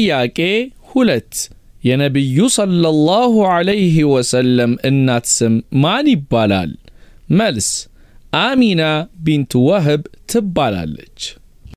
ጥያቄ ሁለት የነቢዩ ሰለላሁ ዐለይሂ ወሰለም እናት ስም ማን ይባላል? መልስ አሚና ቢንት ወህብ ትባላለች።